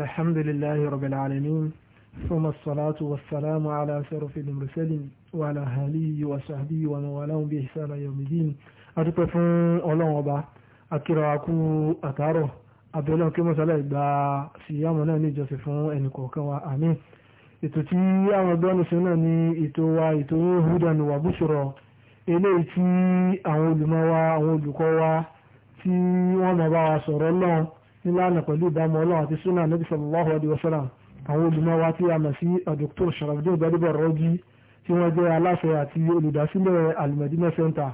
الحمد لله رب العالمين ثم الصلاة والسلام على شرف المرسلين وعلى آله وصحبه ومن والاهم بإحسان يوم الدين adúpẹ́ fún ọlọ́run ọba akíra akú àtàárọ̀ abẹ́lẹ́ kí mọ́sálẹ̀ ìgbà síyámù náà ní ìjọsìn fún ẹnì kọ̀ọ̀kan wa àmín ètò tí àwọn ọgbọ́nù sí náà ní ètò wa ètò hudan wa bushra eléyìí tí àwọn olùmọ̀ wa àwọn olùkọ́ wa tí wọ́n máa bá wa sọ̀rọ̀ náà nílànà pẹ̀lú ìbámu ọlọ́run àti súnà níbi sallallahu alaihi wasallam àwọn olùmọ̀wá tí a mọ̀ sí Dr. Sharafdin gbadébọ̀ rọ́jí tí wọ́n jẹ́ aláṣẹ àti olùdásílẹ̀ alimẹ̀dínà center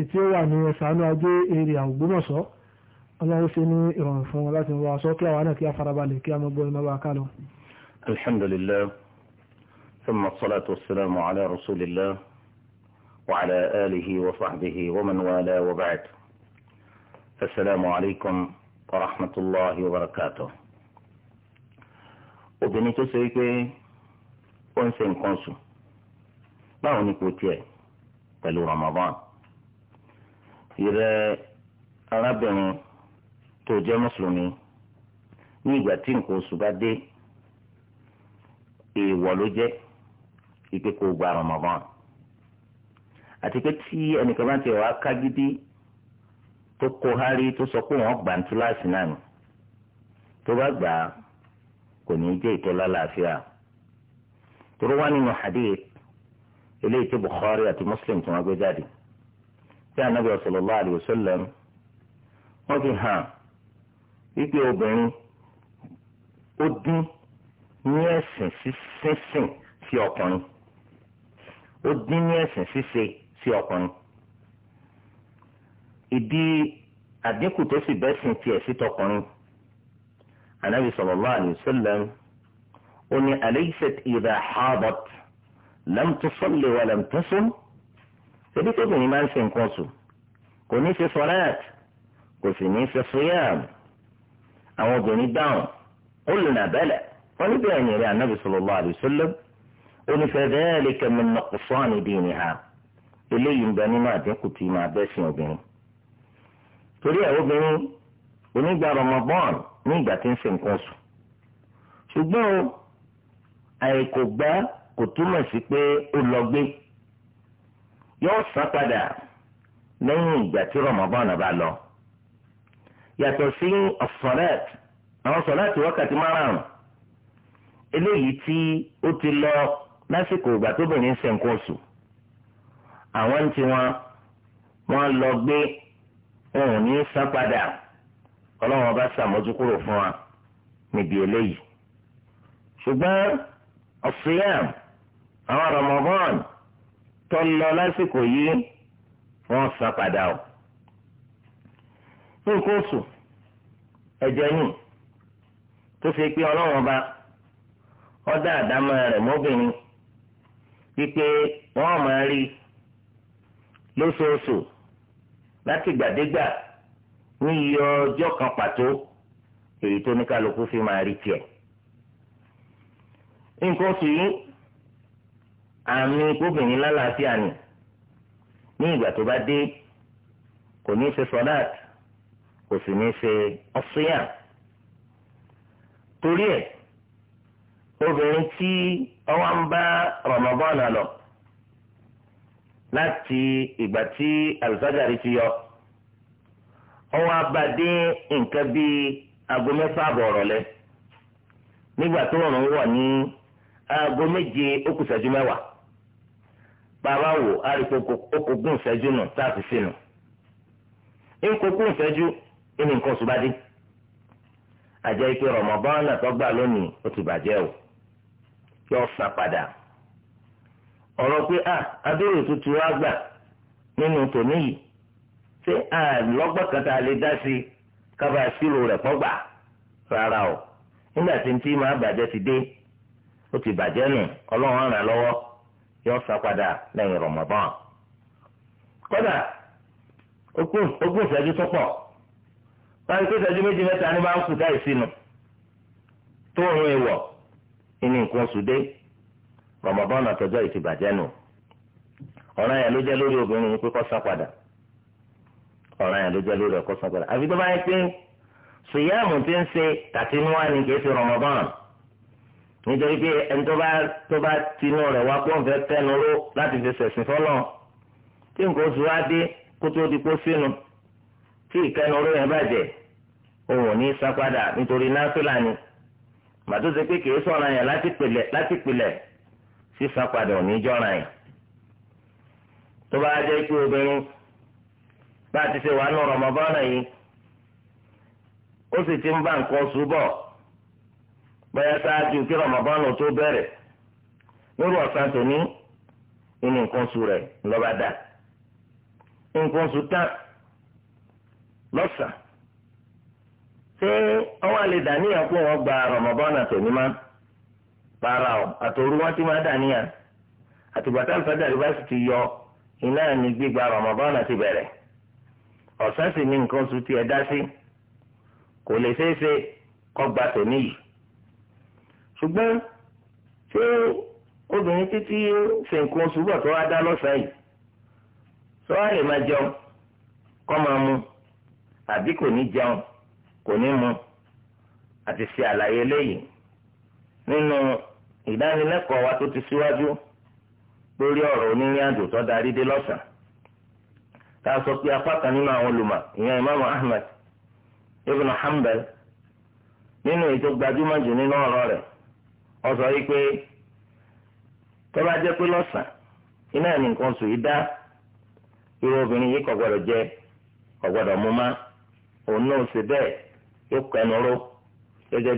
ètí ó wà ní ẹ̀sánú ajé èrè Ògbómọ̀ṣọ́ ọlọ́run ṣe ní ìrọ̀rùn fún wọn láti wọ aṣọ kí àwọn náà kí a farabalẹ̀ kí a mọ gbọ́ ìmọ̀wá ká lọ. alhamdulillah thumma salatu wassalamu ala rasulillah wa ala alihi wa sahbihi wa man wala wa ba'd assalamu alaikum wa rahmatulahi wa barakatuh obìnrin tó ṣe é pé ó ń ṣe nǹkan sùn báwo ni kò tiẹ̀ pẹ̀lú Ramadan ìrẹ́ arábìnrin tó jẹ́ mùsùlùmí ní ìgbà tí nǹkan oṣù bá dé ti wà tó kó hárí tó sọ pé wọ́n gbà ń túláàsì náà nù tó bá gbà á kò ní í jẹ́ ìtọ́lá làáfíà tóró wá nínú hadith eléyìí tí Bukhari àti Muslim tí wọ́n gbé jáde tí anabi sallallahu alayhi wa sallam fi hàn wípé obìnrin ó dín ní ẹ̀sìn sísìn sí ọkùnrin ó dín ní ẹ̀sìn ṣíṣe sí ọkùnrin ìdí àdínkù tó sì bẹ́ẹ̀ sìn tiẹ̀ sí tọkùnrin anabi sallallahu alayhi wa sallam ó ní alaysat idha harvard lam tusalli wa lam tasum ṣebí tóbìnrin máa ń ṣe nǹkan sùn kò ní ṣe sọláyàt kò sì ní ṣe sọyàm àwọn obìnrin dáhùn ó lè nà bẹ́lẹ̀ wọn níbi ẹ̀yìn rẹ̀ anabi sallallahu alayhi wa sallam ó ní fadhalika min nuqsani diniha eléyìí ń bẹ nínú àdínkù tí máa bẹ́ sìn obìnrin. torí ẹ̀ obìnrin onígbà rọmọbọ́ọ̀n ní ìgbà tí ń ṣe nǹkan oṣù ṣùgbọ́n o àìkò gbá kò túmọ̀ sí pé ó lọ gbé yóò san padà lẹ́yìn ìgbà tí rọmọbọ́ọ̀n bá lọ yàtọ̀ sí ọ̀sọ̀rẹ́t àwọn sọ̀rẹ́t wákàtí márùn-ún eléyìí tí ó ti lọ lásìkò ìgbà tóbìnrin ń ṣe nǹkan oṣù àwọn ń tiwọn wọn lọ gbé wọn ò ní san padà ọlọ́run ọba ṣàmójúkúrò fún wa níbi eléyìí ṣùgbọ́n ọ̀sùnyàm àwọn Ramadan tó lọ lásìkò yìí wọ́n san padà o nǹkan oṣù ẹ̀jẹ̀ yìí tó ṣe pé ọlọ́run ọba ọdá àdámọ́ rẹ̀ mọ́bìnrin wípé wọ́n máa rí lóṣooṣù láti gbàdégbà ní iye ọjọ́ kan pàtó èyí tó ní kálukú fi máa rí tiẹ̀. nǹkan oṣù yìí àmì kóbìnrin lálàáfíà ni ní ìgbà tó bá dé kò ní í ṣe sọdáàt kò sì ní í ṣe ọsíyà torí ẹ̀ obìnrin tí ọwọ́ ń bá rọ̀mọ́bọ́ọ̀nà lọ láti ìgbà tí alùsájàrí ti yọ ọwọ́ abadé nǹkan bíi aago mẹ́fà àbọ̀ ọ̀rọ̀lẹ́ nígbà tó rùn wọ̀ ní aago méje ókù ṣẹ́jú mẹ́wàá bàbá wò àríkò okògùn ṣẹ́jú nù tá sínú nkókùn ṣẹ́jú ẹni nǹkan oṣù bá dé àjẹ́ ike rọ̀mọ́bọ́n náà tó gbà lónìí ó ti bàjẹ́ o yọ ọ́ sá ọ̀rọ̀ pé a abẹ́rẹ́ tó ti gbà nínú tòní yìí lè dá sí kábà sírò rẹ̀ pọ́gbà rárá o nígbà tí tí máa bàjẹ́ ti dé ó ti bàjẹ́ nù ọlọ́run ràn lọ́wọ́ yóò sá lẹ́yìn Ramadan kódà ogún ìṣẹ́jú tó pọ̀ báyìí pé ìṣẹ́jú méjì mẹ́ta ni máa ń Ramadan àtọ́jọ́ yìí ti bàjẹ́ nù ọ̀ràn yẹn ló jẹ́ lórí obìnrin yìí pé kó san padà ọ̀ràn yẹn ló jẹ́ lórí ọkọ san padà àfi tó bá yẹ pé sùyàmù ti ń ṣe tàtinúwá ni kì í ṣe Ramadan nítorí pé ẹni tó bá tó bá tinú rẹ̀ wá pọ́n fẹ́ tẹnu ró láti fi ṣẹ̀sìn fọ́lọ́ tí nǹkan oṣù wa dé kó tó di kó sínú tí ìkẹnu ró yẹn bàjẹ́ òun ò ní san padà nítorí náfìlà ni màtó ṣe pé kì í sọ̀ràn yẹn láti pìlẹ̀ láti pìlẹ̀ sísan padà ò ní jọ́ra yìí tó bá jẹ́ pé obìnrin bá a ti ṣe wà nù rọmọbọ́nà yìí ó sì ti ń bá nǹkan oṣù bọ̀ ṣáájú kí rọmọbọ́nà tó bẹ̀rẹ̀ lórí ọ̀sán tòní inú nǹkan oṣù rẹ̀ lọ́ba dà nǹkan oṣù tán lọ́sàn ṣé wọ́n á lè dà wọ́n gba tòní máa. rárá o àtòrú wọn ti máa dà níyàn àtìgbà tá àlùfáàjà rẹ bá sì ti yọ iná ní gbígba rọmọbọ́nà ti bẹ̀rẹ̀ ọ̀sán sì ni nǹkan oṣù tiẹ̀ dá sí kò lè ṣeé ṣe kọ́ gba tòní yìí ṣùgbọ́n ṣé obìnrin títí ṣe nǹkan oṣù bọ̀ tó wá dá lọ́sàn-án yìí sọ wá lè máa jẹun kọ́ máa mu àbí kò ní jẹun kò ní mu àti ṣe àlàyé léyìí nínú ìdánilẹ́kọ̀ọ́ wa tó ti síwájú lórí ọ̀rọ̀ onírìnàjò tó darí dé lọ́sàn-án tá a sọ pé apá kan nínú àwọn olùmọ̀ ìyẹn imaamu ahmed ibn hanbal nínú ètò gbajúmọ̀ jù nínú ọ̀rọ̀ rẹ̀ ó sọ yìí pé tó bá jẹ́ pé lọ́sàn iná ẹ̀ nìkan sùn irú obìnrin yìí kò gbọdọ̀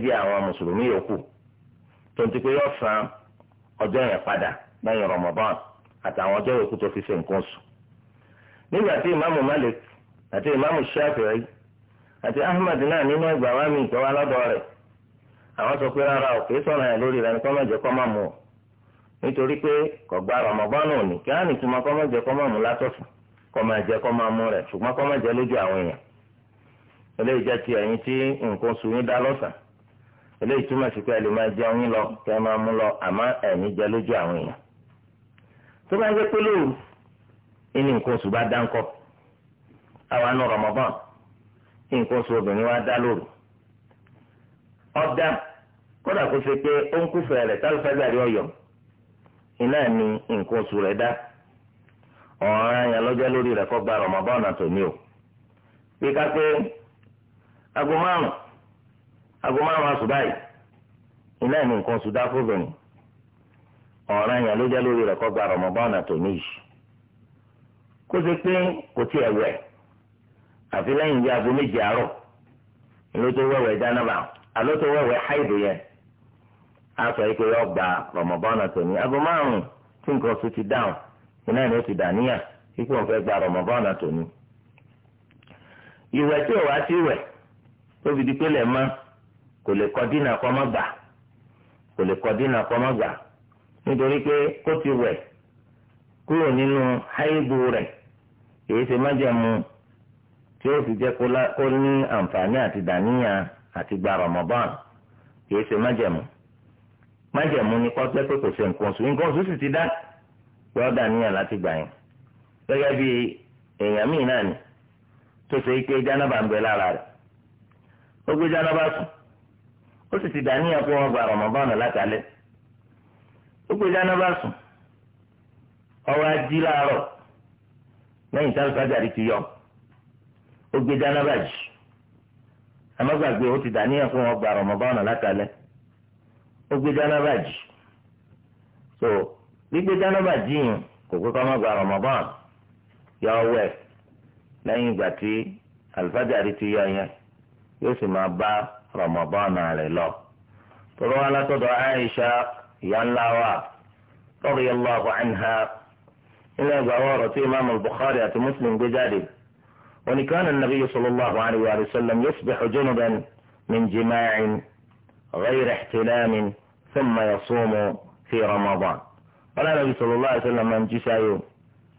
jẹ kò tonti pé yóò san ọjọ́ yẹn padà lẹ́yìn Ramadan àtàwọn ọjọ́ yòókù tó fi ṣe nǹkan sùn. nígbà tí ìmáàmù Malik àti Ahmad naanị nínú ìgbà wa mi ìtọ́wá lọ́dọ̀ rẹ àwọn sọ pé rárá ò kìí sọ̀rọ̀ yẹn lórí ní kọ́mọ̀jẹ́ kọ́mọ̀mù o nítorí pé gba òní kí á ní túmọ̀ kọ́mọ̀jẹ́ kọ́mọ̀mù látọ̀fù kọ́mọ̀jẹ́ kọ́mọ̀mù rẹ̀ ṣùgbọ́n kọ́mọ̀jẹ́ lójú àwọn èèyàn eléyìí jẹ́ ti ẹ̀yìn tí nǹkan sùn yín dá lọ́sàn eléyìí túmọ̀ sí pé ẹ lè máa jẹ lọ kí ẹ máa mú lọ àmọ́ ẹ̀mí jẹ lójú àwọn èèyàn tó bá jẹ́ pé lóru ẹni nǹkan oṣù bá àwa nù wa dá lóru ọ̀dà kódà kó ṣe pé ó ń kúfẹ̀ẹ́ rẹ̀ ọ̀yọ́ iná ni nǹkan oṣù rẹ̀ dá ọ̀ràn yẹn lọ́jọ́ lórí rẹ̀ gba o ká aago márùn-ún àsùbá yìí iná ìmú nǹkan sùdá fóbìnrin ọ̀ràn yẹn ló jẹ́ lórí rẹ̀ kó gba rọmọbọ́ọ̀nà tó níyì kó ṣe pé kò tí ẹ̀ wẹ̀ àfi lẹ́yìn bíi aago méje àárọ̀ ló tó wẹ̀wẹ̀ dánábà àló tó wẹ̀wẹ̀ háìdù yẹn sọ yọ gba aago márùn kò lè kọ dínà kọ́ mọ́ gbà kò lè kọ dínà kọ́ mọ́ gbà nítorí pé kó ti wẹ̀ kúrò nínú háìbù rẹ̀ èyí ṣe májẹ̀mú tí ó fi jẹ́ kó ní àǹfààní àti dàníyàn àti gba Ramadan kìí ṣe májẹ̀mú májẹ̀mú ni kọ́tẹ́ pé kò ṣe nǹkan oṣù nǹkan oṣù sì ti dá lọ́ọ́ dàníyàn láti gbà yẹn gẹ́gẹ́ bí èèyàn míì náà ni tó ṣe ike jánábà ń bẹ lára rẹ̀ ó gbé jánábà sùn ó sì ti dàníyàn pé wọ́n gba Ramadan látàlẹ́ ó gbé dáná bá sùn ọwọ́ ají láàárọ̀ ti yọ ó gbé dáná bá jì ó ti dàníyàn pé wọ́n gba Ramadan látàlẹ́ ó gbé dáná bá so gbígbé dáná bá jì kò pé kọ́ má gba Ramadan yọ wẹ̀ ìgbà tí ti yọ yẹn yóò sì máa bá. رمضان على الله على دعاء عائشة يالاوا رضي الله عنها إلى زوارة إمام البخاري مسلم بجاري وإن كان النبي صلى الله عليه وسلم يصبح جنبا من جماع غير احتلام ثم يصوم في رمضان قال النبي صلى الله عليه وسلم من جسا يوم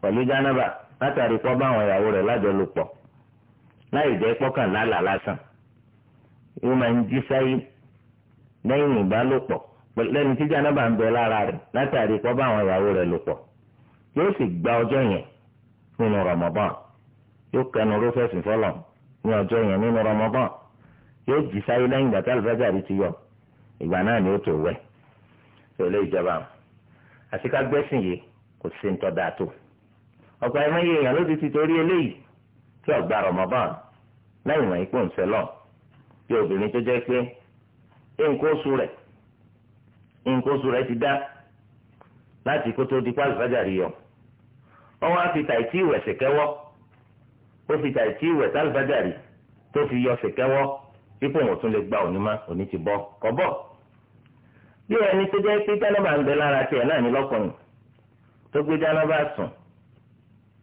ولجانبا أتى رقبا ويأول لا جلوكو لا يجيكو كان لا لا لا سن ó máa ń jí sáyé lẹ́yìn ìbálòpọ̀ lẹ́ni tí jánábà ń bẹ lára rẹ̀ látàrí kó bá àwọn ìyàwó rẹ̀ lò pọ̀ gba ọjọ́ yẹn nínú Ramadan yóò kẹnu rófẹ́sì ní ọjọ́ yẹn nínú Ramadan yóò jí sáyé lẹ́yìn ìgbà tí ti yọ ìgbà náà ni ó tó wẹ̀ ìjọba àti ká gbẹ́sìn yìí kò sí ní tọ́da tó ọ̀pọ̀ ẹ̀mọ́ yìí èèyàn ló ti ti bí obìnrin tó jẹ́ pé nǹkan oṣù rẹ̀ nǹkan oṣù rẹ̀ ti dá láti kó tó di pa àlùfájàrí yọ ọwọ́ á fi tàìtì ìwẹ̀ ṣèkẹ́wọ́ ó fi tàìtì ìwẹ̀ sálùfájàrí tó fi yọ ṣèkẹ́wọ́ pípọ̀ wọn tún lè gba òní má òní ti bọ́ kọ́ bọ́ bí ẹni tó jẹ́ pé jánábà ń bẹ lára tiẹ̀ náà ní lọ́kùnrin tó gbé jánábà sùn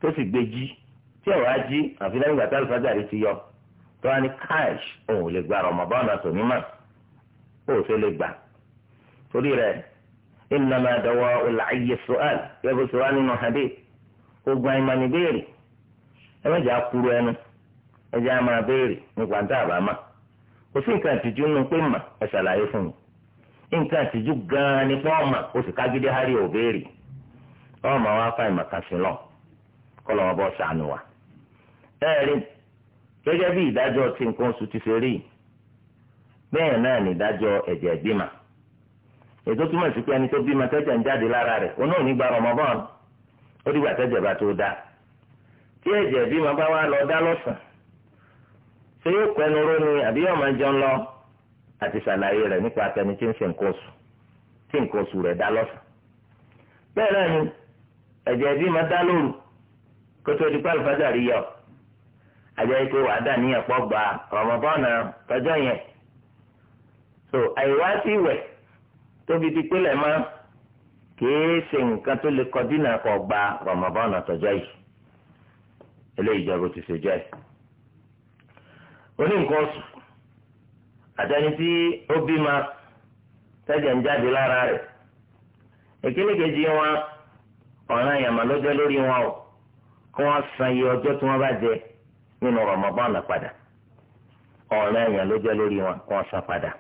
tó sì gbé jí tí ọ̀rọ̀ á jí àfi lẹ́yìn ìgbà tí ti yọ tó wá ní o òun lè gba Ramadan àtòmí mà ó ṣe lè gbà torí rẹ̀ innama dawa'ul 'ayyi as yẹ́bù tó wá nínú hadith ogun àìmọ̀ni béèrè ẹ méjì á ẹnu ẹ jẹ́ béèrè nípa kò sí nǹkan nínú pé mà ẹ ṣàlàyé fún mi nǹkan gan-an ni pọ́n mà ó kágídé hárí ò béèrè ọmọ wa lọ kọ́ lọ́wọ́ bọ́ sànù wa gẹ́gẹ́ bí ìdájọ́ tí nǹkan oṣù ti ṣe rí bẹ́ẹ̀ náà ní ìdájọ́ ẹ̀jẹ̀ bímọ ètò túmọ̀ sí pé ẹni tó bímọ tẹ́jẹ̀ ń jáde lára rẹ̀ oní òní gba Ramadan ó dìgbà tẹ́jẹ̀ bá tó dá tí ẹ̀jẹ̀ bímọ bá wá lọ dá lọ́sàn ṣé yóò pẹnu ró ni àbí yóò máa jẹun lọ àti ṣàlàyé rẹ̀ nípa tẹni tí ń ṣe nǹkan oṣù tí nǹkan oṣù rẹ̀ dá lọ́sàn bẹ́ẹ̀ náà ni ẹ̀jẹ̀ bímọ àjẹ́ pé wàá dà níyàn gba rọmọbọ́ọ̀nà tọjọ́ yẹn so àìwá sí ìwẹ̀ tóbi ti pélé mọ́ kìí ṣe nǹkan tó lè kọdínà kọ gba tọjọ́ yìí eléyìí jọ ti ṣe jẹ́ oní oṣù àtẹni tí ó tẹ́jẹ̀ ń jáde lára rẹ̀ wọn ọ̀ràn yàmà lọ́jọ́ lórí wọn o kí wọ́n tí wọ́n bá nínú Ramadan padà ló jẹ́ lórí wọn san padà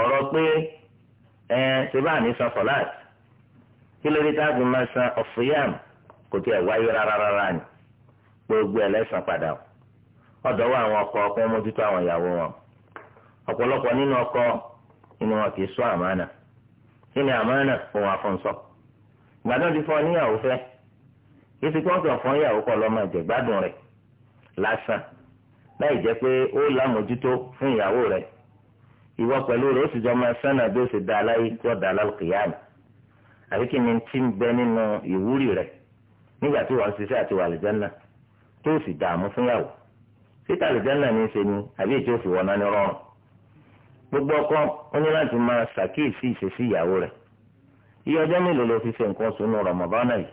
ọ̀rọ̀ pé ẹ ṣèbá ní san sọ̀láàt kí lórí táàbù máa san ọ̀fìyàm kò tí ẹ̀ wáyé rárá rárá ni gbogbo ẹ̀ lẹ́sàn padà ọ̀dọ̀ wà àwọn ọkọ mójútó àwọn ìyàwó wọn ọ̀pọ̀lọpọ̀ nínú ọkọ inú wọn kì í sọ kí ni òun ìgbàdàn fọ níyàwó fẹ́ kí ti kọ́ ọ̀tọ̀ kọ́ lásán láì jẹ́ pé ó lámòjútó fún ìyàwó rẹ̀ ìwọ pẹ̀lú rẹ̀ ó sì jọ máa sánà bí ó sì dá aláyé tí ó dá lálùkìyàmù àbí kí ni ti ń bẹ nínú ìwúrí rẹ̀ nígbà tí wọ́n ń ṣiṣẹ́ àti wà àlùjánnà tó sì dààmú fúnyàwó títà àlùjánnà ní í ṣe ni àbí ètò òfin wọ̀nà ní rọrùn gbogbo ọkọ ó ní láti máa ṣàkíyèsí ìṣesí ìyàwó rẹ̀ iye ọjọ́ mélòó ló fi ṣe nǹkan sunu Ramadan yìí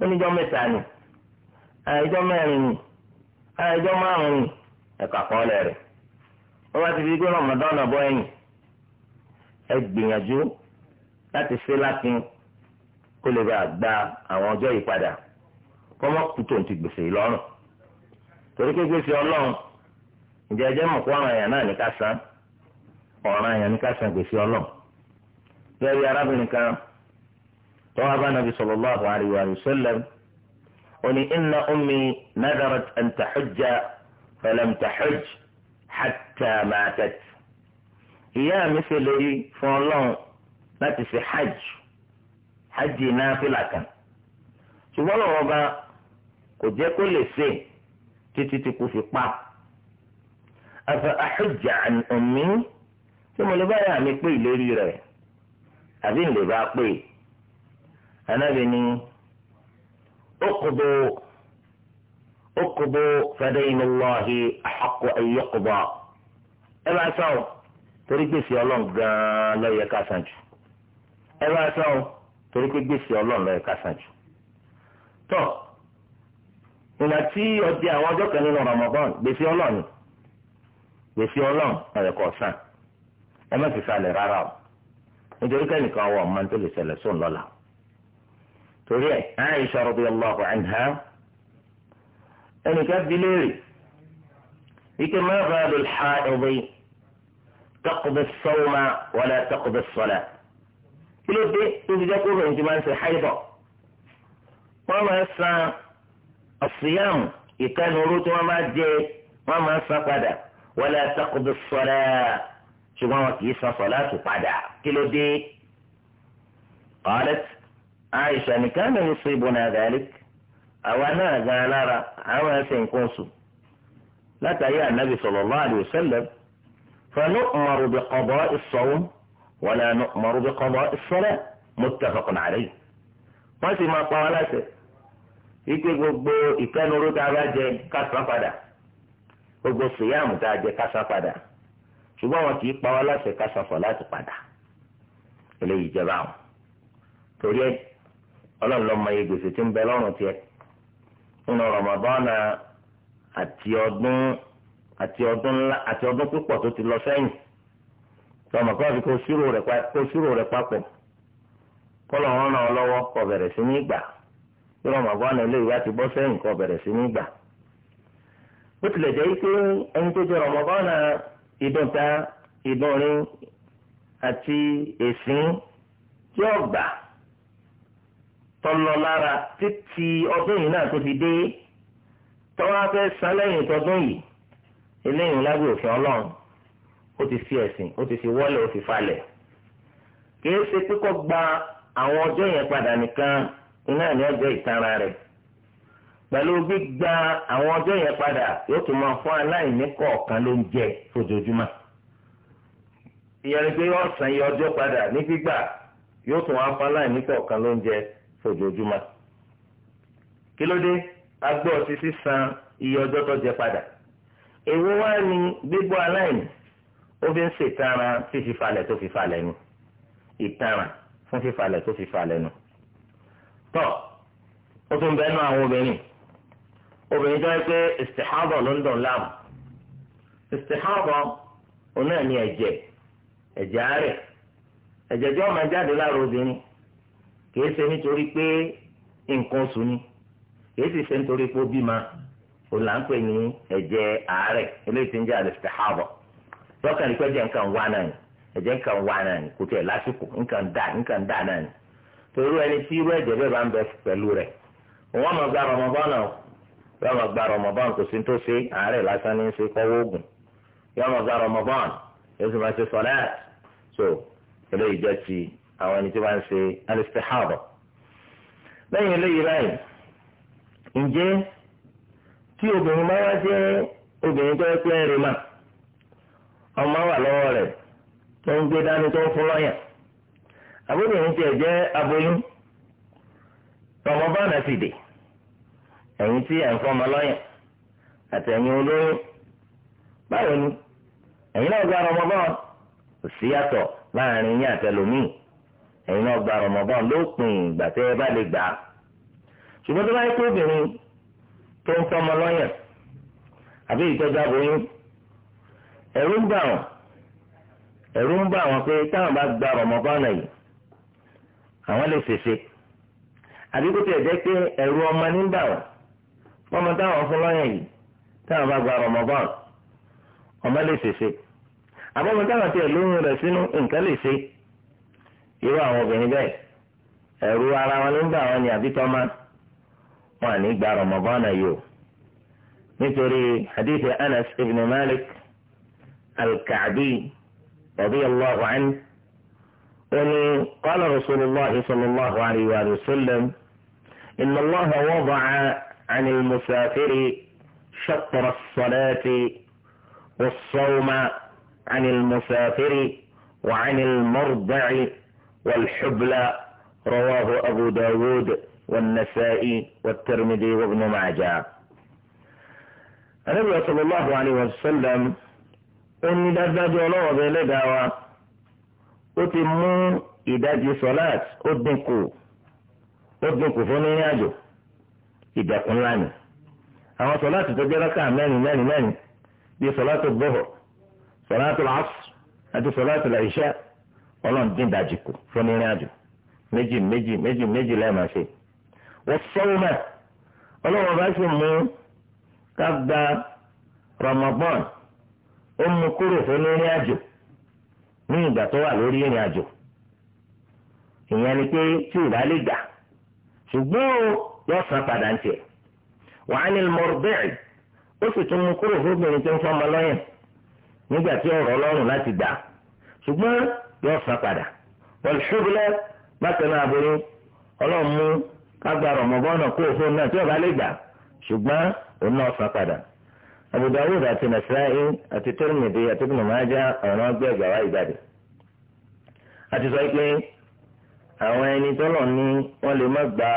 ó níjọ́ mẹ́ta ni àìjọ́ mẹ́rin ni ẹjọ́ márùn ni ẹ̀ka kọ́lẹ̀ rẹ̀ wọ́n bá ti fi gbé rọmọdọ́nà bọ́ ẹ̀yìn ẹ gbìyànjú láti ṣe láti kó lè bá gba àwọn ọjọ́ yìí padà kọ́mọ́ kùtò ti gbèsè lọ́rùn torí pé gbèsè ọlọ́run ọrụ ẹjẹ́ mọ̀ kó ọ̀ràn èèyàn náà ní ká san ọ̀ràn èèyàn ní ká san gbèsè ọlọ́run arábìnrin kan tọ́wọ́ abánabi وني إن أمي نذرت أن تحج فلم تحج حتى ماتت يا مثلي فالله لا تسي حج حج نافلة كان ṣùgbọ́n lọ́wọ́ bá kò jẹ́ kó lè ṣe títí tí kò fi pa afa ahujja an ummi tí mo lè bá yà mí pé rẹ̀ àbí ń lè bá pé anábìíní. اقضوا اقضوا فدين الله احق ان يقضى ẹ máa san بس torí gbèsè ọlọ́run gan-an ló yẹ ká san jù ẹ máa san o torí pé gbèsè ọlọ́run ló yẹ ká san jù tọ́ ìgbà tí ọdẹ àwọn ọjọ́ kan nínú Ramadan gbèsè ọlọ́run gbèsè ọlọ́run ló yẹ ẹ má sì sálẹ̀ rárá o nítorí kẹ́nìkan wọ ọmọ tó lè sóun lọ́la o. توري عائشة رضي الله عنها أنا كاف دليري إيك ما غاب الحائض تقضي الصوم ولا تقضي الصلاة كل دي تجد كل انتمان في حيضة وما يسعى الصيام يكن ورود وما جي وما سقد ولا تقضي الصلاة شو ما وكيسة صلاة قدع كل دي قالت àìsà nìkan ní sọ ìbò náà dàlík àwa náà gan alára àwọn ẹsẹ̀ nǹkan oṣù látàrí ànábì sallallahu alaihi wasallam فنؤمر بقضاء الصوم ولا نؤمر بقضاء الصلاة متفق عليه wọ́n sì máa pa wá láṣẹ wípé gbogbo ìkẹnuró tá a bá jẹ ká san padà gbogbo sèyáàmù tá a jẹ ká padà ṣùgbọ́n wọn kì í pa wá láṣẹ ká san láti padà eléyìí jẹba àwọn torí ẹ ọlọ́run lọ́mọ iye gbèsè tí ń bẹ lọ́rùn tiẹ̀ nínú rọmọbọ́nà àti ọdún àti ọdún ńlá àti ọdún púpọ̀ tó ti lọ sẹ́yìn tọmọ kọ́ fi kó sírò rẹ̀ papọ̀ kọ́lọ̀ wọn ràn lọ́wọ́ kó bẹ̀rẹ̀ sí ní ìgbà rọmọbọ́nà eléyìí wá ti bọ́ sẹ́yìn bẹ̀rẹ̀ sí ní ìgbà bó tilẹ̀ jẹ́ pé ẹni tó jẹ́ rọmọbọ́nà ta rin àti èsìn yóò gbà. tọ́lọ lára títí ọdún yìí náà tó fi dé tọ́wọ́ fẹ́ san tọdún yìí eléyìí lábẹ́ òfin ọlọ́run ó ti fi ẹ̀sìn ó ti fi wọ́lẹ̀ ó ti falẹ̀ kìí ṣe pípọ̀ gba àwọn ọjọ́ yẹn padà nìkan iná ní ọjọ́ ìtara rẹ̀ pẹ̀lú gbígba àwọn yẹn padà yóò tún máa fún aláìní kọ̀ọ̀kan ló ń jẹ fojoojúmọ́ san ọjọ́ padà ní gbígbà yóò tún wá fún aláìní kọ̀ọ̀kan ojoojúmọ́ kí ló dé agbó ọtí sísan iye ọjọ́ tó jẹ padà èwo wá ní gbígbọ́ aláìní ó fi ń ṣètara fífifalẹ̀ tó fifalẹ̀ nu ìtara fún fífalẹ̀ tó fifalẹ̀ nu tọ́ ó tún bẹ́ẹ̀ nú àwọn obìnrin obìnrin tó yẹ pé istihadọ̀ ló ń dùn láàmú istihadọ̀ òun náà ní ẹ̀jẹ̀ ẹ̀jẹ̀ àárẹ̀ ẹ̀jẹ̀ tí wọ́n jáde lára obìnrin kìí ṣe nítorí pé nǹkan ni kìí sì ṣe nítorí pé bímọ ó ní ẹ̀jẹ̀ àárẹ̀ eléyìí ń jẹ́ lọ́kàn nípa ẹ̀jẹ̀ nǹkan wá náà ni ẹ̀jẹ̀ nǹkan wá náà ni kò tiẹ̀ lásìkò nǹkan dà nǹkan dà náà ni torí ẹni tí irú ẹ̀jẹ̀ bẹ́ẹ̀ bá ń bẹ pẹ̀lú rẹ̀ wọ́n máa gba Ramadan náà yọ máa gba Ramadan kò sí tó ṣe àárẹ̀ àwọn ẹni tí wọ́n ń ṣe alistihaba lẹ́yìn eléyìí báyìí ǹjẹ́ tí obìnrin bá wá jẹ́ obìnrin tó yẹ pé ọmọ wà lọ́wọ́ rẹ̀ tó ń gbé dání tó ń fún jẹ́ aboyún ẹ̀yin náà gba rọmọbọ́n lópin ìgbà tẹ́ ẹ bá lè gbà á ṣùgbọ́n tó bá yẹ kó obìnrin tó ń fọmọ lọ́yàn àbí ìjọba aboyún ẹ̀rú ń bà wọ́n ẹ̀rú ń bà wọ́n pé táwọn bá gba rọmọbọ́n náà yìí àwọn lè ṣèṣe àbí kó tiẹ̀ jẹ́ pé ẹ̀rú ọmọ ní ń bà wọ́n fọmọ táwọn fún lọ́yàn yìí táwọn bá gba rọmọbọ́n ọmọ lè ṣèṣe àbọ̀mọ táwọn tiẹ̀ lóyún rẹ̀ sínú nǹkan lè ṣe. irú àwọn obìnrin bẹ́ẹ̀ ẹ̀rù ara wọn ló ń bà wọn ni àbí tọ́mà wọn à ní gba rọmọbọ́n náà yìí o nítorí hadithi anas ibn malik alkaabi radiyallahu anhu ẹni qala rasulillah sallallahu alayhi wa sallam inna allaha wada'a ani musafiri shatra salati ani عن wa ani mordaci. والحبلى رواه أبو داود والنسائي والترمذي وابن ماجة النبي صلى الله عليه وسلم إن دجاج الله بلدعوة أتمون إداج صلاة أدنكو أدنكو فني ياجو إذا كن لاني أما صلاة تجركة ماني ماني ماني دي صلاة الظهر صلاة العصر هذه صلاة العشاء ọlọ́run dín ìdajì kù fún ìrìn àjò méjì méjì méjì méjì lẹ́ẹ̀máa ṣe wọ́n sọ́wọ́ mẹ́ ọlọ́run bá sì mú ká gba Ramadan ó mú kúrò fún ìrìn àjò ní ìgbà tó wà lórí ìrìn àjò ìyẹn ni pé tí ò bá lè gbà ṣùgbọ́n yóò san padà ń tiẹ̀ wàá ní mọ̀rọ̀bẹ́ẹ̀ ó sì tún mú kúrò fún obìnrin tó ń fọmọ lọ́yàn nígbà tí ọ̀rọ̀ ọlọ́run láti gbà ṣùgbọ́n yóò san padà wọ́n ṣubúlẹ̀ bákan náà aburú ọlọ́run mú kágbá rọ̀mọ́bọ́nà kó òfin náà tí ọba lè gbà ṣùgbọ́n òun náà san padà. Abu Dawud àti Nasa'i àti Tirmidhi àti Ibn Majah ọ̀ràn ọgbẹ́ ìgbàdì. àti sọ pé àwọn ẹni tọ́lọ̀ wọ́n lè má gba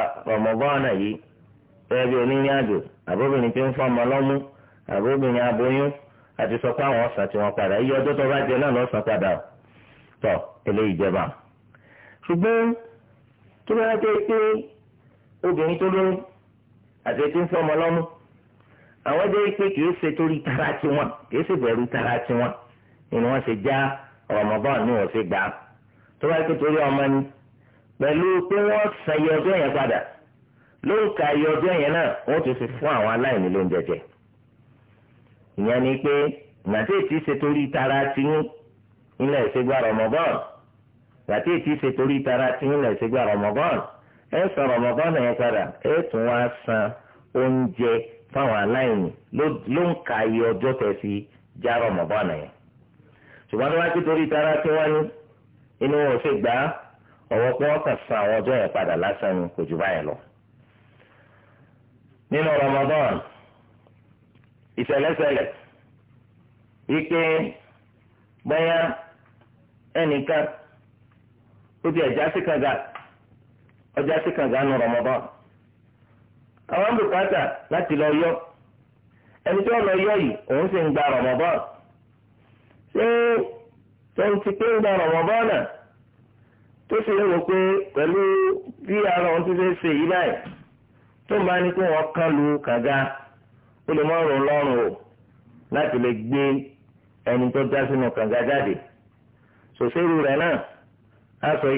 yìí bẹ́ẹ̀ bí àjò àbóbìnrin tí ń lọ́mú àbóbìnrin aboyún àti sọ pé tọ eléyìí jẹba ṣùgbọ́n tó bá jẹ́ pé obìnrin tó lóyún àti tí ń fọmọ lọ́mú àwọn jẹ́ pé kìí ṣe torí tara tiwọn kìí ṣe bẹ̀rù tara tiwọn ni wọ́n ṣe já Ramadan ni wọ́n ṣe gbà tó bá jẹ́ torí ọmọ ni pẹ̀lú pé wọ́n san iye ọjọ́ yẹn padà lóòka iye ọjọ́ yẹn náà wọ́n tún fi fún àwọn aláìní lóúnjẹ jẹ ìyẹn ni pé ìgbà tí ti ṣe torí tara tiwọn ńlẹ̀ ìṣègbà rọmọgán gbàtí ètí ṣe torí tara tí ńlẹ̀ ìṣègbà rọmọgán ẹ san rọmọgán yẹn padà ẹ tún wá san oúnjẹ fáwọn aláìní ló ń ka iye ọjọ́ tẹ̀sí já rọmọgán yẹn ṣùgbọ́n tó wá sí torí tara tí wọ́n ní inú wọn ò ṣe gbà á ọ̀wọ́ pé wọ́n kàn san àwọn ọjọ́ yẹn padà lásán ni kò jù báyẹn lọ. nínú rọmọgán ìṣẹ̀lẹ̀ṣẹlẹ̀ wípé bẹ́yà ẹnìkan ó ti ẹ̀já sí kànga ọjà sí kànga nu Ramadan àwọn bùkátà láti lọ yọ ẹni tí wọn lọ yọ yìí òun sì ń gba ṣé ti gba náà tó sì ń wò pé bí ara òun ti fẹ́ ṣe yí báyìí tó ń bá ní o láti lè gbé ẹni tó sínú jáde. sòṣèrú rẹ̀ náà á sọ pé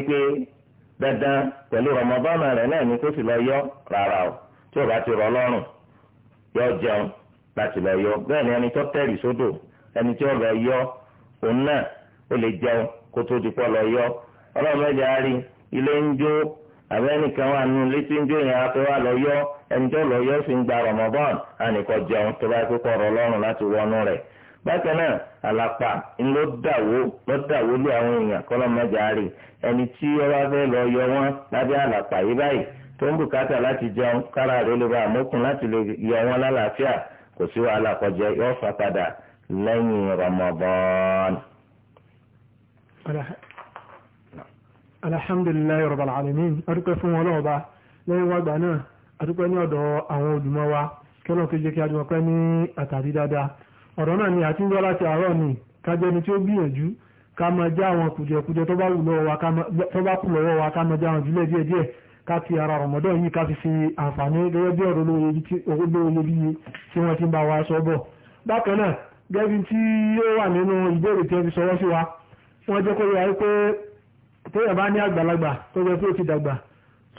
dandan pẹ̀lú rọmọbọ́nà rẹ̀ náà ni kó sì lọ yọ rárá o tí o bá ti rọ lọ́rùn yọ jẹun láti lọ yọ bẹ́ẹ̀ ni ẹni tó tẹ̀rì sódò ẹni tí ó lọ yọ òun náà ó lè jẹun kó tó di pọ́ lọ yọ ọlọ́run ẹ̀jẹ̀ á rí ilé ń jó àbí ẹnìkan wà nínú ilé ń jó yẹn afẹ́ wà lọ yọ ẹni tó lọ yọ sí ń gba rọmọbọ́n ànìkọ́ jẹun tó bá kó kọ́ rọ lọ́rùn láti wọnú rẹ̀ bákan náà àlàpà ńlọ dàwó lọ dàwó lé àwọn èèyàn kọlọmọdéárì ẹni tí ọba fẹ́ lọ yọ wọn lábẹ́ àlàpà yìí báyìí tó ń bùkátà láti jẹun kára rẹ̀ lè ba àmọkùn láti lè yọ wọn lálàáfíà kò sí wàhálà kọjá yọ fà padà lẹ́yìn Ramadan. alhamdulilayi rabal alamin adúpẹ́ fún wọn lọ́wọ́ bá lẹ́yìn wàgbà náà adúpẹ́ ní ọ̀dọ̀ àwọn olùmọ̀ wa kí wọn ní àtàrí dáadáa ọ̀rọ̀ náà ni àti ń gbọ́ láti àárọ̀ ni kájẹni tí ó gbìyànjú ká máa já àwọn kùjẹkùjẹ tó bá kù lọ́wọ́ wa ká máa já àwọn ìjúlẹ̀ díẹ̀díẹ̀ ká ti ara rọ̀mọ́dọ̀ yìí ká fi fi àǹfààní gẹ́gẹ́ bí ọ̀rọ̀ olóyè bí tí wọ́n ti ń bá wa sọ bọ̀ bákan náà gẹ́gẹ́ tí ó wà nínú ìbéèrè tí wọ́n fi sọwọ́ sí wa wọ́n jẹ́ kó yẹ pé téèyàn bá ní àgbàlagbà tó jẹ́ pé ó ti dàgbà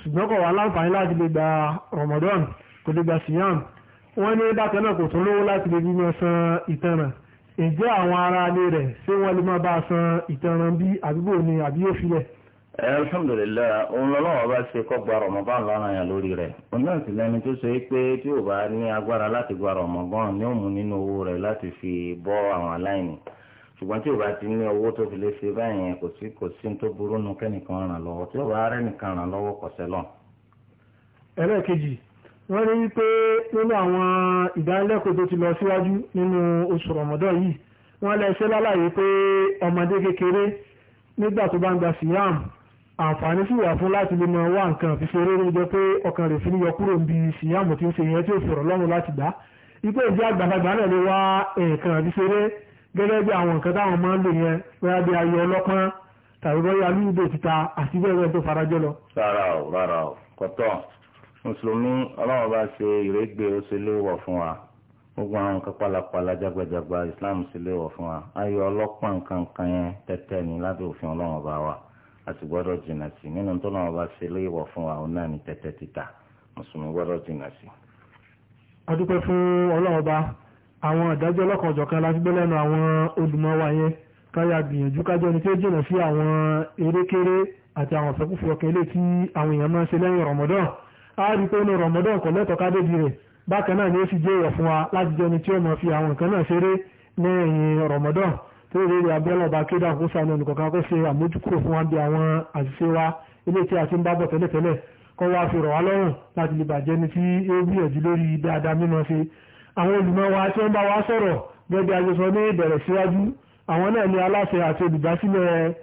ṣùgbọ́n kò wá láǹfààní láti lè gba rọ̀mọ́dọ̀n kò lè gba síyàm wọ́n ní bákan náà kò tún lówó láti lè bí máa san ìtanràn ǹjẹ́ àwọn ará ilé rẹ̀ ṣé wọ́n lè máa bá san ìtanràn bí àdúgbò ni àbí yóò filẹ̀. alhamdulilayi òun lọ́wọ́ bá ṣe kọ́ gba rọ̀mọ́bá lọ́nà yẹn lórí rẹ̀ òun náà sì lẹ́ni tó ṣe pé tí ò bá ní agbára láti gba rọ̀mọ́bọ́n ni ó mú nínú owó rẹ̀ láti fi bọ́ àwọn aláìní ṣùgbọ́n tí o bá ti ní owó tó fi lè ṣe báyìí kò sí wọ́n rí wípé nínú àwọn ìdánilẹ́kọ̀ọ́ tó ti lọ síwájú nínú oṣù rọ̀mọ́dọ̀ yìí wọ́n lẹ́sẹ̀ lálàyé pé ọmọdé kékeré nígbà tó bá ń gba siam àǹfààní sì wà fún láti lè máa wá nǹkan fi ṣeré rí jẹ pé ọkàn rẹ̀ fi ní yọkúrò ń bi siam tí ń ṣe ìyẹn tí ò fọ̀rọ̀ lọ́rùn láti gbà ipò ìdí àgbàlagbà náà lè wá nǹkan fi ṣeré gẹ́gẹ́ bí àwọn nǹkan táwọn máa ń lò yẹn bóyá bí ayé ọlọ́pọ́n tàbí bóyá lúdò títa àti bẹ́ẹ̀ bẹ́ẹ̀ tó farajọ lọ. rárá o rárá o kò mùsùlùmí ọlọ́wọ́ bá ṣe ìrégbè ó ṣe léèwọ̀ fún wa gbogbo àwọn nǹkan pálapàla jágbajàgba islam ṣe léèwọ̀ fún wa ayọ̀ ọlọ́pàá nǹkan kan yẹn tẹ́tẹ́ ni lábẹ́ òfin ọlọ́wọ́ bá wa a sì gbọ́dọ̀ jìnnà sí nínú tó náà bá ṣe léèwọ̀ fún wa òun náà ni tẹ́tẹ́ títà mùsùlùmí gbọ́dọ̀ jìnnà sí. a dúpẹ́ fún ọlọ́wọ́ bá àwọn ìdájọ́ ọlọ́kanòjọ̀kan la gbé lẹ́nu àti àwọn ìfẹ́kùfẹ́ ọkàn ilé tí àwọn èèyàn máa ń ṣe lẹ́yìn rọ̀mọ́dọ́n a rí pé inú rọ̀mọ́dọ̀ kò lẹ́tọ̀ọ́ ká débi rẹ̀ bákan náà ni ó fi jẹ́ ìwọ̀ fún wa láti jẹ́ ẹni tí ó mọ̀ fi àwọn nǹkan náà ṣeré ní ẹ̀yìn rọ̀mọ́dọ̀ tó rí rí abẹ́lẹ̀ ọba kéde àkóso àwọn ẹnìkọ̀ọ̀kan kó ṣe àmójúkúrò fún wa bí àwọn àṣìṣe wa ilé tí a ti ń bá bọ̀ tẹ́lẹ̀tẹ́lẹ̀ kọ́ wa fi rọ̀ wá lọ́rùn láti lè bàjẹ́ ni tí ó gbìyànjú lórí dáadáa mímọ́ ṣe àwọn olùmọ̀ wa tí wọ́n bá wa sọ̀rọ̀ gẹ́gẹ́ agbésọ ní ìbẹ̀rẹ̀ síwájú àwọn náà ni aláṣẹ àti olùdásílẹ̀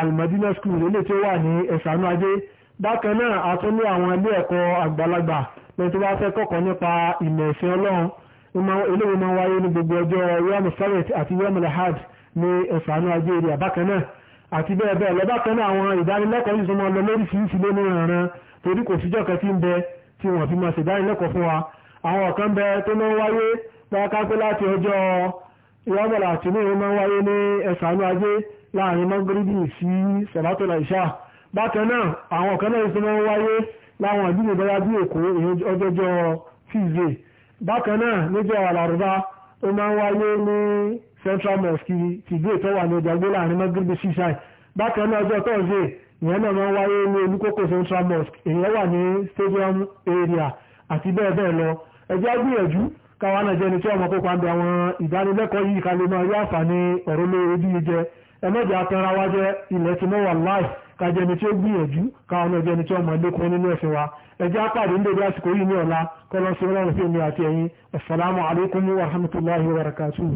Al-Madina School ilé tí ó wà ní ẹ̀sánú ajé bákan náà a tún ní àwọn ilé ẹ̀kọ́ àgbàlagbà lẹ́yìn tó bá fẹ́ kọ́kọ́ nípa ìmọ̀ ẹ̀sìn ọlọ́run eléwo máa wáyé ní gbogbo ọjọ́ yọ́mù sẹ́rẹ̀t àti yọ́mù lahad ní ẹ̀sánú ajé èrè àbákan náà àti bẹ́ẹ̀ bẹ́ẹ̀ lọ bákan náà àwọn ìdánilẹ́kọ̀ọ́ yìí tó máa lọ lóríṣiríṣi lé ní ìrànràn torí kò síjọ́ kan tí ń bẹ tí wọ́n fi máa ṣèdánilẹ́kọ̀ọ́ fún wa àwọn kan bẹ tó máa ń wáyé pákápé láti ọjọ́ yọ́mù làtìmí máa wáyé ní ẹ̀sánú ajé láàrin mọ́gírídì sí sọ̀bátọ́lá ìṣáà bákan náà àwọn kan náà tó máa ń wáyé láwọn àdúgbò bọ́yá bí èkó ọjọ́jọ́ tuesday bákan níjọ́ àlàrúbá ó máa ń wáyé ní central mosque tìgbé tó wà ní ọjàgbé láàrin mọ́gíríbì ṣíṣàì bákan náà ọjọ́ thursday ìyẹn náà máa ń wáyé ní olúkókò central mosque èyí wà ní stadium area àti bẹ́ẹ̀ bẹ́ẹ̀ lọ ẹjẹ́ gbìyànjú káwa náà jẹ́ni tí ọmọ kópa ń bẹ àwọn ìdánilẹ́kọ̀ọ́ yìí kalẹ̀ máa rí àǹfààní ọ̀rọ̀ lórí ojú yìí jẹ ẹ̀mẹ́jẹ̀ atẹrawájẹ́ ilẹ̀ tí mo wà láì kájẹ́ ni tí ó gbìyànjú káwọn ọjọ́ ni tí ọmọ ẹlẹ́kùn nínú ẹ̀sìn wa ẹjẹ́ apáàdé ń dèrè àsìkò yìí ní ọ̀la kọ́lọ́sí ọlọ́run sí èmi àti ẹ̀yin assalamu alaikum wa rahmatullahi wa barakatuhu